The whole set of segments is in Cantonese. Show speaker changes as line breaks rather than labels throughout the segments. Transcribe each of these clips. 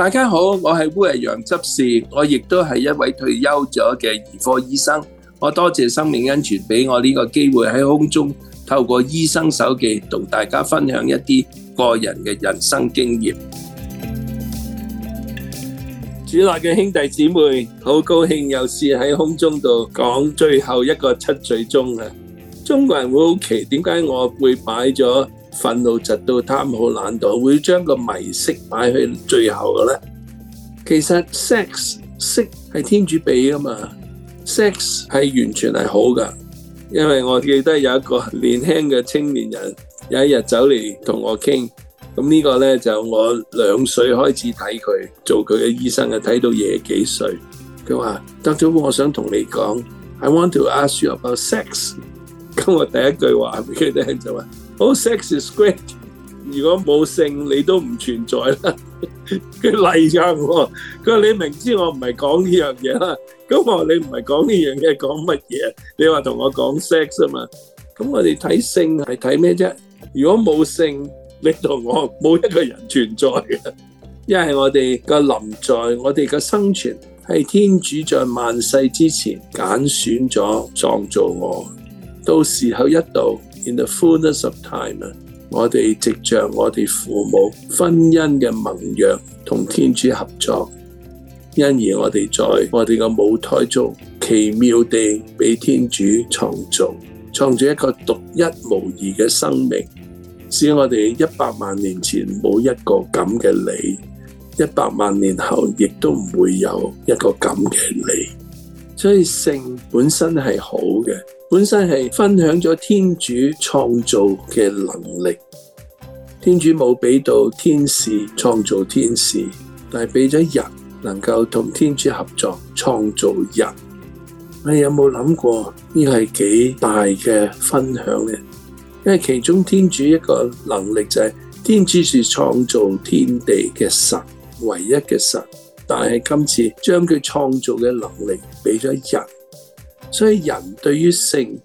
大家好，我係烏日陽執事，我亦都係一位退休咗嘅兒科醫生。我多謝生命恩泉俾我呢個機會喺空中透過醫生手記同大家分享一啲個人嘅人生經驗。主內嘅兄弟姊妹，好高興又試喺空中度講最後一個七罪宗啊！中國人會好奇點解我會擺咗？憤怒直到貪好，懶惰，會將個迷色擺喺最後嘅咧。其實 sex 色係天主俾啊嘛，sex 係完全係好噶。因為我記得有一個年輕嘅青年人有一日走嚟同我傾，咁呢個咧就我兩歲開始睇佢做佢嘅醫生啊，睇到廿幾歲。佢話：，Doctor， 我想同你講，I want to ask you about sex。咁我第一句話俾佢聽就話。好，sex is great，如果冇性你都唔存在啦。佢例㗎喎，佢話你明知我唔係講呢樣嘢啦，咁我話你唔係講呢樣嘢，講乜嘢？你話同我講 sex 啊嘛，咁我哋睇性係睇咩啫？如果冇性，你同我冇一個人存在嘅，一係我哋個臨在，我哋個生存係天主在萬世之前揀選咗創造我，到時候一到。In the fullness of time, 我哋藉着我哋父母婚姻嘅盟約，同天主合作，因而我哋在我哋嘅舞台中奇妙地被天主創造，創造一個獨一無二嘅生命，使我哋一百萬年前冇一個咁嘅你，一百萬年後亦都唔會有一個咁嘅你。所以性本身係好嘅，本身係分享咗天主創造嘅能力。天主冇畀到天使創造天使，但係畀咗人能夠同天主合作創造人。你有冇諗過呢？係幾大嘅分享呢？因為其中天主一個能力就係、是、天主是創造天地嘅神，唯一嘅神。但係今次將佢創造嘅能力俾咗人，所以人對於性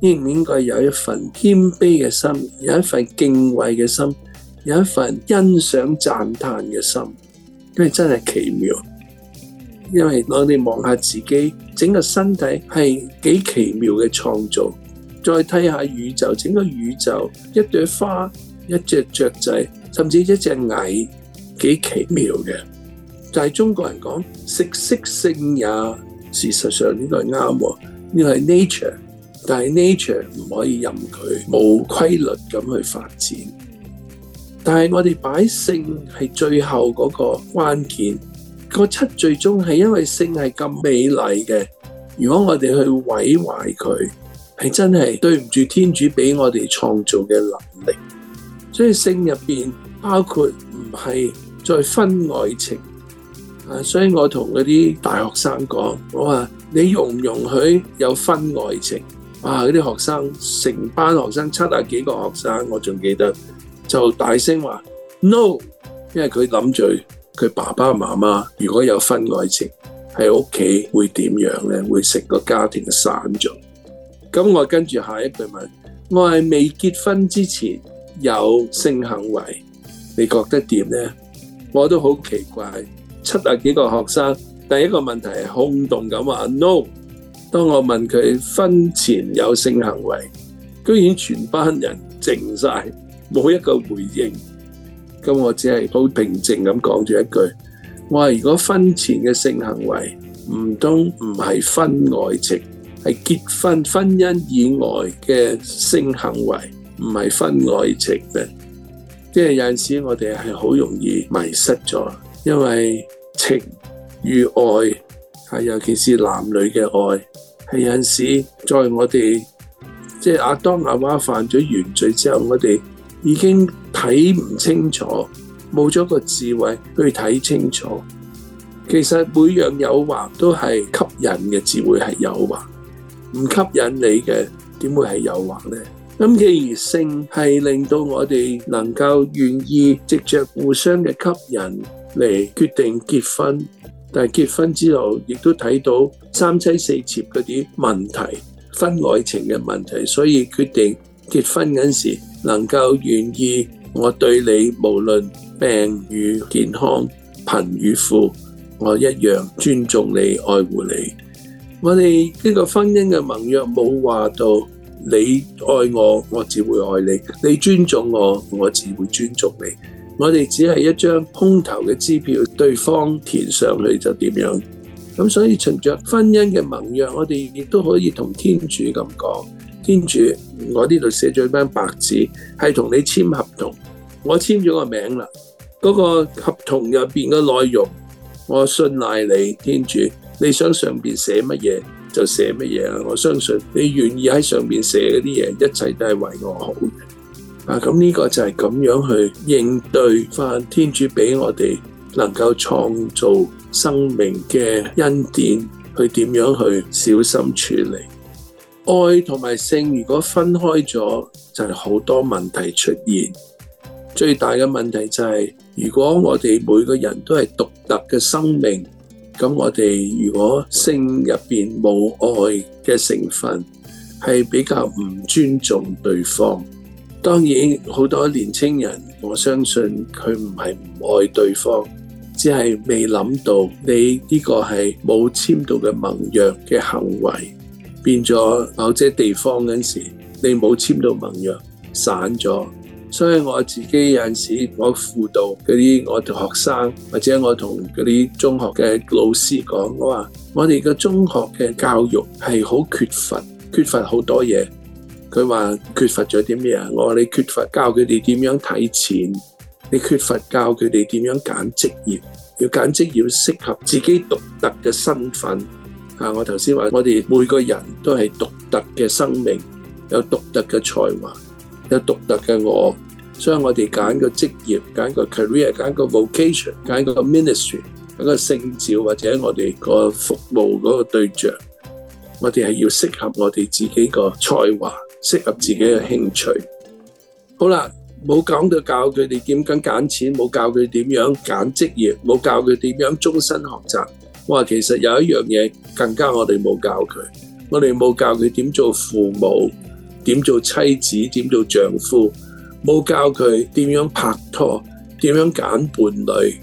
應唔應該有一份謙卑嘅心，有一份敬畏嘅心，有一份欣賞、讚歎嘅心，因為真係奇妙。因為我哋望下自己整個身體係幾奇妙嘅創造，再睇下宇宙，整個宇宙一朵花、一隻雀仔，甚至一隻蟻，幾奇妙嘅。但係中國人講食色性也，事實上呢個係啱喎，呢個係 nature，但係 nature 唔可以任佢冇規律咁去發展。但係我哋擺性係最後嗰個關鍵，個七罪宗係因為性係咁美麗嘅，如果我哋去毀壞佢，係真係對唔住天主俾我哋創造嘅能力。所以性入邊包括唔係再分愛情。所以，我同嗰啲大學生講，我話你容唔容許有婚外情？啊！嗰啲學生，成班學生七十幾個學生，我仲記得就大聲話 no，因為佢諗住佢爸爸媽媽如果有婚外情，喺屋企會點樣呢？會成個家庭散咗。咁我跟住下一句問，我話未結婚之前有性行為，你覺得點呢？我都好奇怪。七十幾個學生，第一個問題係空洞咁話 No。當我問佢婚前有性行為，居然全班人靜曬，冇一個回應。咁我只係好平靜咁講咗一句：我話如果婚前嘅性行為唔通唔係婚外情，係結婚婚姻以外嘅性行為，唔係婚外情嘅。即係有陣時我哋係好容易迷失咗，因為情與愛，係尤其是男女嘅愛，係有陣時在我哋即係阿當阿娃犯咗原罪之後，我哋已經睇唔清楚，冇咗個智慧去睇清楚。其實每樣誘惑都係吸引嘅，只會係誘惑，唔吸引你嘅點會係誘惑呢？咁既然性係令到我哋能夠願意藉着互相嘅吸引嚟決定結婚，但係結婚之後亦都睇到三妻四妾嗰啲問題、婚外情嘅問題，所以決定結婚嗰時候能夠願意我對你無論病與健康、貧與富，我一樣尊重你、愛護你。我哋呢個婚姻嘅盟約冇話到你愛我，我只會愛你；你尊重我，我只會尊重你。我哋只係一張空頭嘅支票，對方填上去就點樣？咁所以循着婚姻嘅盟約，我哋亦都可以同天主咁講：天主，我呢度寫咗一張白紙，係同你簽合同，我簽咗個名啦。嗰個合同入邊嘅內容，我信賴你，天主，你想上邊寫乜嘢就寫乜嘢啊！我相信你願意喺上面寫嗰啲嘢，一切都係為我好。啊！咁呢個就係咁樣去應對翻天主俾我哋能夠創造生命嘅恩典，去點樣去小心處理愛同埋性。如果分開咗，就係好多問題出現。最大嘅問題就係，如果我哋每個人都係獨特嘅生命，咁我哋如果性入面冇愛嘅成分，係比較唔尊重對方。當然，好多年青人，我相信佢唔係唔愛對方，只係未諗到你呢個係冇簽到嘅盟約嘅行為，變咗某啲地方嗰陣時，你冇簽到盟約散咗。所以我自己有陣時，我輔導嗰啲我的學生，或者我同嗰啲中學嘅老師講，我話：我哋嘅中學嘅教育係好缺乏，缺乏好多嘢。佢話缺乏咗啲咩啊？我話你缺乏教佢哋點樣睇錢，你缺乏教佢哋點樣揀職業。要揀職業適合自己獨特嘅身份。啊！我頭先話我哋每個人都係獨特嘅生命，有獨特嘅才華，有獨特嘅我，所以我哋揀個職業、揀個 career、揀個 vocation、揀個 ministry、揀個聖召，或者我哋個服務嗰個對象，我哋係要適合我哋自己個才華。適合自己嘅興趣。好啦，冇講到教佢哋點樣揀錢，冇教佢點樣揀職業，冇教佢點樣終身學習。我話，其實有一樣嘢更加我哋冇教佢，我哋冇教佢點做父母，點做妻子，點做丈夫，冇教佢點樣拍拖，點樣揀伴侶。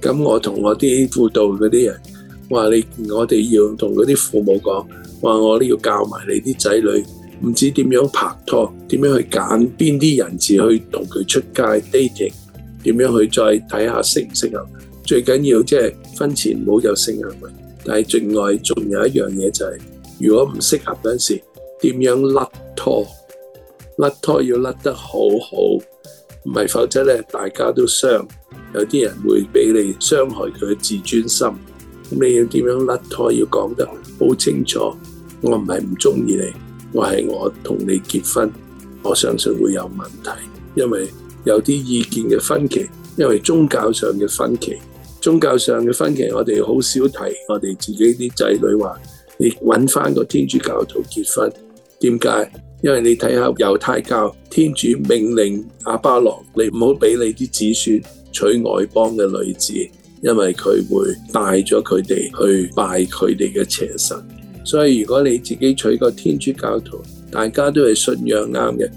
咁我同我啲輔導嗰啲人話：你我哋要同嗰啲父母講話，我都要教埋你啲仔女。唔知點樣拍拖，點樣去揀邊啲人士去同佢出街 dating，點樣去再睇下適唔適合？最緊要即係婚前唔好有性行為，但係另外仲有一樣嘢就係，如果唔適合嗰陣時，點樣甩拖？甩拖要甩得好好，唔係否則咧大家都傷，有啲人會俾你傷害佢嘅自尊心。咁你要點樣甩拖？要講得好清楚，我唔係唔中意你。我係我同你結婚，我相信會有問題，因為有啲意見嘅分歧，因為宗教上嘅分歧，宗教上嘅分歧，我哋好少提我哋自己啲仔女話，你揾翻個天主教徒結婚，點解？因為你睇下猶太教，天主命令亞巴郎，你唔好俾你啲子孫娶外邦嘅女子，因為佢會帶咗佢哋去拜佢哋嘅邪神。所以如果你自己娶個天主教徒，大家都是信仰啱嘅，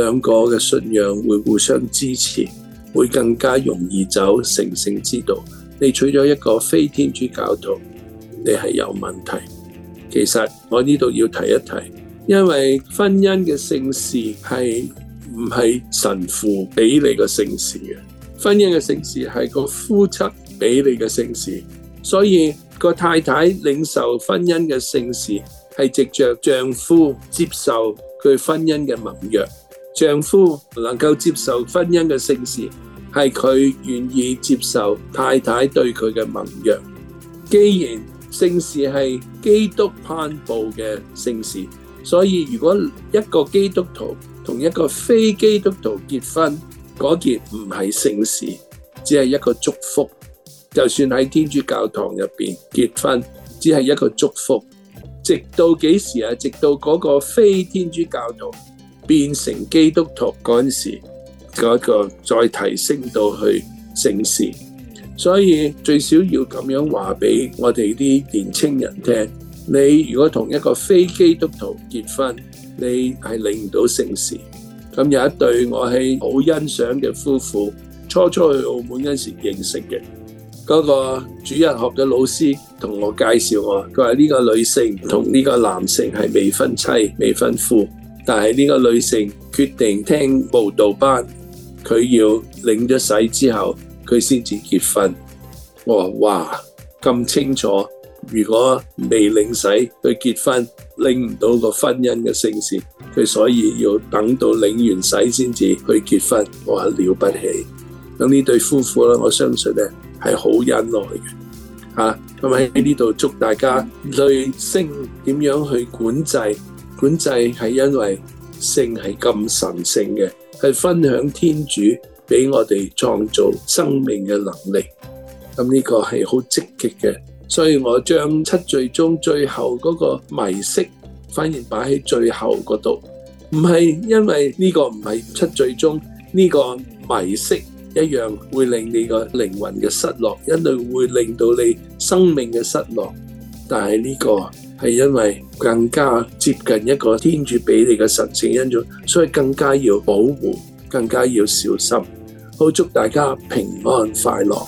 兩個嘅信仰會互相支持，會更加容易走成聖之道。你娶咗一個非天主教徒，你係有問題。其實我呢度要提一提，因為婚姻嘅聖事係唔係神父俾你個聖事嘅，婚姻嘅聖事係個夫妻俾你嘅聖事，所以。個太太領受婚姻嘅聖事，係藉着丈夫接受佢婚姻嘅盟約；丈夫能夠接受婚姻嘅聖事，係佢願意接受太太對佢嘅盟約。既然聖事係基督頒布嘅聖事，所以如果一個基督徒同一個非基督徒結婚，嗰件唔係聖事，只係一個祝福。就算喺天主教堂入邊結婚，只係一個祝福，直到幾時啊？直到嗰個非天主教徒變成基督徒嗰陣時，嗰個再提升到去聖事，所以最少要咁樣話俾我哋啲年青人聽，你如果同一個非基督徒結婚，你係領唔到聖事。咁有一對我係好欣賞嘅夫婦，初初去澳門嗰陣時認識嘅。嗰個主日學嘅老師同我介紹我，佢話呢個女性同呢個男性係未婚妻、未婚夫，但係呢個女性決定聽佈道班，佢要領咗洗之後，佢先至結婚。我話哇，咁清楚，如果未領洗佢結婚，領唔到個婚姻嘅聖事，佢所以要等到領完洗先至去結婚。我話了不起，咁呢對夫婦呢，我相信呢。係好忍耐嘅。吓，咁喺呢度祝大家，對性點樣去管制？管制係因為性係咁神聖嘅，係分享天主俾我哋創造生命嘅能力。咁呢個係好積極嘅，所以我將七罪宗最後嗰個迷色反而擺喺最後嗰度，唔係因為呢個唔係七罪宗呢個迷色。一樣會令你個靈魂嘅失落，一類會令到你生命嘅失落。但係呢個係因為更加接近一個天主俾你嘅神聖恩賜，所以更加要保護，更加要小心。好，祝大家平安快樂！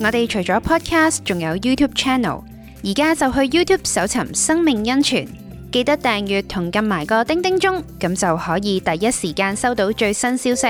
我哋除咗 Podcast，仲有 YouTube Channel，而家就去 YouTube 搜尋生命恩泉。記得訂閱同撳埋個叮叮鐘，咁就可以第一時間收到最新消息。